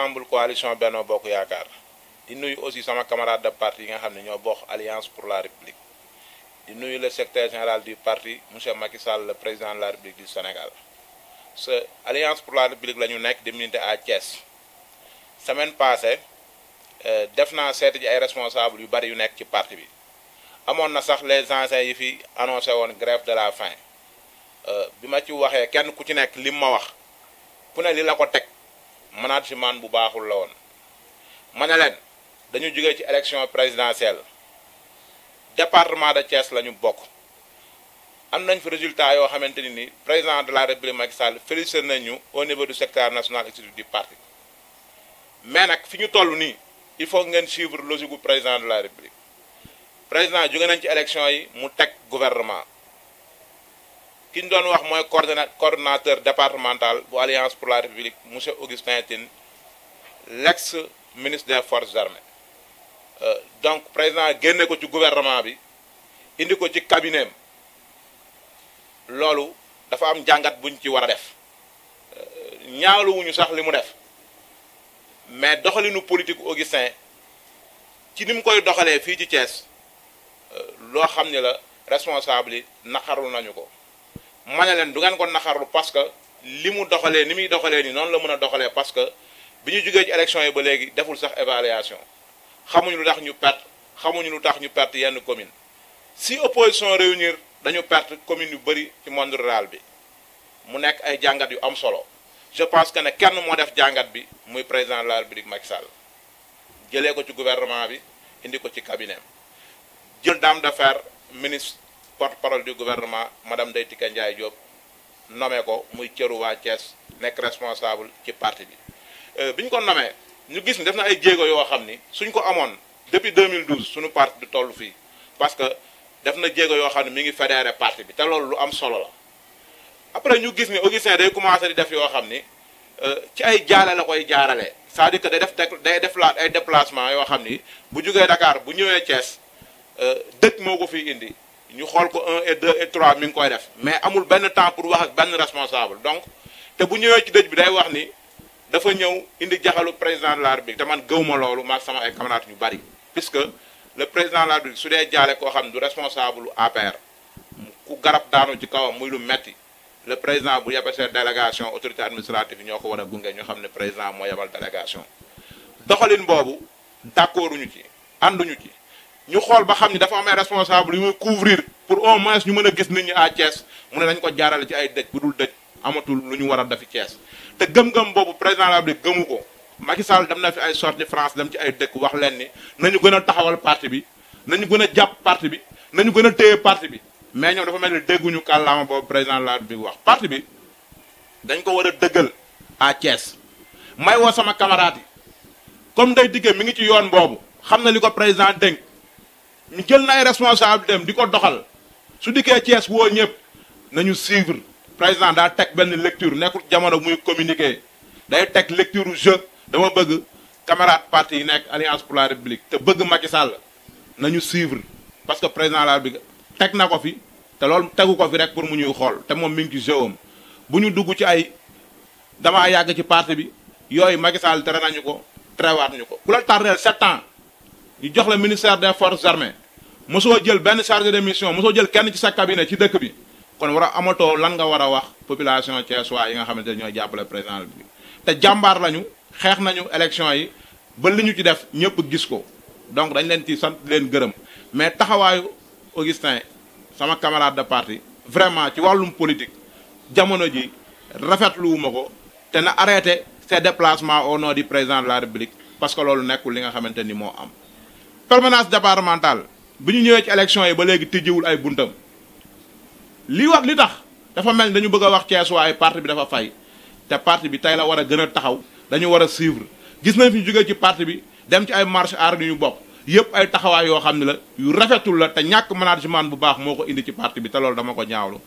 l'ensemble coalition Beno Bokk Yakar. di nuyu aussi sama camarade de parti nga une alliance pour la république di nuyu le secrétaire général du parti monsieur Macky Sall le président de la république du Sénégal ce alliance pour la république la ñu nekk di militer à Thiès semaine passée euh, Defna responsable du bari yu nekk parti bi amoon na les anciens yi fi annoncé woon grève de la faim euh, bi ma ci waxee kenn ku ci nekk lim ma wax pour ne li la ko management bu baaxul la woon ma ne leen dañu jógee ci élection présidentielle département de Thiès la ñu bokk am nañ fi résultat yoo xamante ni ni président de la république Macky Sall félicité nañu au niveau du secteur national exécutif du parti mais nag fi ñu toll nii il faut ngeen suivre logique bu président de la république président jóge nañ ci élection yi mu teg gouvernement ki ñu doon wax mooy coordonnateur départemental bu alliance pour la république monsieur Augustin Tine l'ex ministre des forces armées euh, donc président génne ko ci gouvernement bi indi ko ci cabinet loolu dafa am jàngat buñ ci war a def euh, ñaawluwuñu sax li mu def mais doxalinu politique Augustin ci ni koy doxalee fii ci Thiès euh, loo xam ne la responsable yi nañu ko ma ne leen du ngeen ko naxarlu parce que li doxale doxalee ni muy doxalee ni non la mën doxale parce que biñu ñu ci élection yi ba léegi deful sax évaluation xamuñu lu tax ñu perte xamuñu lu tax ñu perte yenn commune si opposition réunir dañu perte commune yu bari ci monde rural bi mu nekk ay jàngat yu am solo je pense que ne kenn moo def jàngat bi muy président de la République Macky Sall jëlee ko ci gouvernement bi indi ko ci cabinet jël dame de ministre porte-parole du gouvernement madame day Tické Ndiaye Diop nommé ko muy cëru waa Thiès nekk responsable ci parti bi euh, bi ko nommé ñu gis ni def na ay jéego yoo xam ni suñ ko amoon depuis 2012 suñu parti du toll fii parce que def na jéego yoo xam ne mi ngi fédéré parti bi te loolu lu am solo la après ñu gis ni Augustin day commencé di def yoo xam ni euh, ci ay jaale la koy jaarale c'est-à-dire que day def day ay déplacement yoo xam ni bu jógee Dakar bu ñëwee Thiès euh, dëkk moo ko fii indi ñu xool ko 1 et 2 et 3 mi ngi koy def mais amul benn temps pour wax ak benn responsable donc te bu ñëwee ci dëj bi day wax ni dafa ñëw indi jaxalu président de la République te man gëwma loolu ma sama ay camarade ñu bari puisque le président de la République su dee jaale koo xam du responsable APR ku garab daanu ci kawam muy lu metti le président bu yebal seen délégation autorité administrative ñoo ko war a gunge ñu xam ne président moo yabal délégation doxalin boobu d'accorduñu ci ànduñu ci ñu xool ba xam ni dafa am ay responsable yu muy couvrir pour au moins ñu mën a gis nit ñi à Thiès mu ne dañ ko jaarale ci ay dëj bu dul dëj amatul lu ñu war a dafi Thiès te gëm-gëm boobu président la gëmu ko Macky Sall dem na fi ay sorti France dem ci ay dëkk wax leen ni nañu gën a taxawal parti bi nañu gën a jàpp parti bi nañu gën a téye parti bi mais ñoom dafa mel ni dégguñu kàllaama boobu président la République wax parti bi dañ ko war a dëggal à Thiès may woo sama camarade yi comme day diggee mi ngi ci yoon boobu xam na li ko président dénk ñu jël na ay responsabilité am di ko doxal su dikkee Thiès woo ñëpp nañu suivre président daa teg benn lecture nekkul jamono muy communiquer day teg lecture jeu dama bëgg camarade parti yi nekk alliance pour la république te bëgg Macky nañu suivre parce que président la bi teg na ko fi te loolu tegu ko fi rek pour mu ñuy xool te moom mi ngi ci jeu bu ñu dugg ci ay damaa yàgg ci parti bi yooyu Macky Sall tere nañu ko terewaat ñu ko ku la tardeel sept ans ñu jox la ministère des forces armées mosoo jël benn chargé de mission mosoo jël kenn ci sa cabinet ci dëkk bi kon war a amatoo lan nga war a wax population thiessois yi nga xamante ne ñooy jàppale président bi te jàmbaar lañu xeex nañu élection yi ba li ñu ci def ñëpp gis ko donc dañ leen ci sant leen gërëm mais taxawaayu Augustin sama camarade de parti vraiment ci wàllum politique jamono ji rafetluwuma ko te na arrêté ses déplacements au nom du président de la parce que loolu nekkul li nga xamante ni moo am permanence départementale bi ñu ñëwee ci élection yi ba léegi tijjiwul ay buntam li wax li tax dafa mel dañu bëgg a wax Cees waaye parti bi dafa fay te parti bi tey la war a gën a taxaw dañu war a suivre gis nañ fi ñu jógee ci parti bi dem ci ay marche aar yu ñu bokk yëpp ay taxawaay yoo xam ne la yu rafetul la te ñàkk management bu baax moo ko indi ci parti bi te loolu dama ko ñaawlu